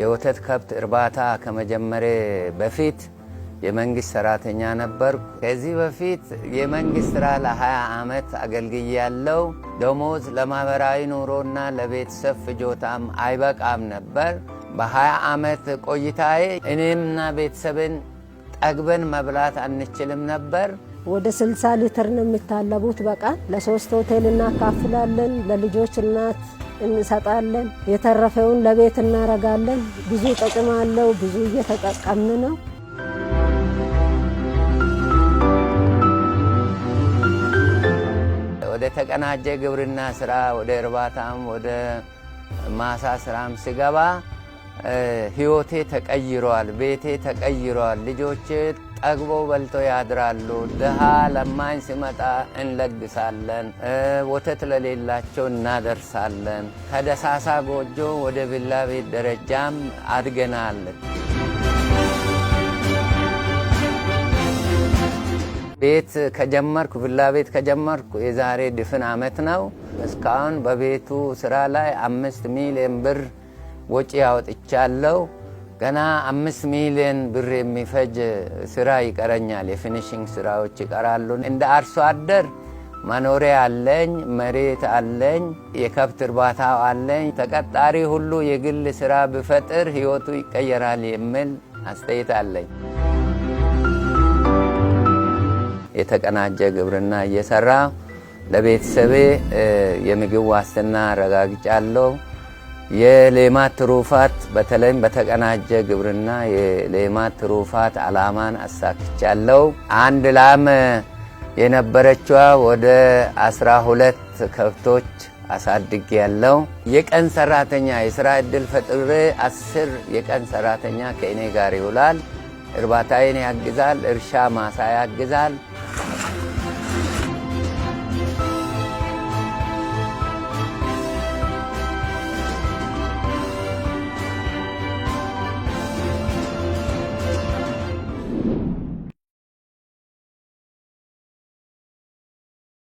የወተት ከብት እርባታ ከመጀመሬ በፊት የመንግስት ሰራተኛ ነበርኩ። ከዚህ በፊት የመንግስት ስራ ለ20 ዓመት አገልግዬ ያለው ደሞዝ ለማህበራዊ ኑሮና ለቤተሰብ ፍጆታም አይበቃም ነበር። በ20 ዓመት ቆይታዬ እኔምና ቤተሰብን ጠግበን መብላት አንችልም ነበር። ወደ 60 ሊትር ነው የሚታለቡት በቃ ለሶስት ሆቴል እናካፍላለን። ለልጆች እናት እንሰጣለን። የተረፈውን ለቤት እናረጋለን። ብዙ ጥቅም አለው። ብዙ እየተጠቀምን ነው። ወደ ተቀናጀ ግብርና ስራ ወደ እርባታም ወደ ማሳ ስራም ስገባ ህይወቴ ተቀይሯል። ቤቴ ተቀይሯል። ልጆቼ ጠግበው በልተው ያድራሉ። ድሃ ለማኝ ሲመጣ እንለግሳለን፣ ወተት ለሌላቸው እናደርሳለን። ከደሳሳ ጎጆ ወደ ቪላ ቤት ደረጃም አድገናል። ቤት ከጀመርኩ ቪላ ቤት ከጀመርኩ የዛሬ ድፍን ዓመት ነው። እስካሁን በቤቱ ስራ ላይ አምስት ሚሊዮን ብር ወጪ አውጥቻለሁ። ገና አምስት ሚሊዮን ብር የሚፈጅ ስራ ይቀረኛል። የፊኒሽንግ ስራዎች ይቀራሉ። እንደ አርሶ አደር መኖሪያ አለኝ፣ መሬት አለኝ፣ የከብት እርባታ አለኝ። ተቀጣሪ ሁሉ የግል ስራ ብፈጥር ህይወቱ ይቀየራል የሚል አስተያየት አለኝ። የተቀናጀ ግብርና እየሰራ ለቤተሰቤ የምግብ ዋስትና አረጋግጫለሁ። የሌማት ትሩፋት በተለይም በተቀናጀ ግብርና የሌማት ትሩፋት አላማን አሳክቻለሁ። አንድ ላም የነበረችዋ ወደ 12 ከብቶች አሳድግ ያለው የቀን ሰራተኛ የስራ እድል ፈጥሬ አስር የቀን ሰራተኛ ከእኔ ጋር ይውላል። እርባታዬን ያግዛል። እርሻ ማሳ ያግዛል።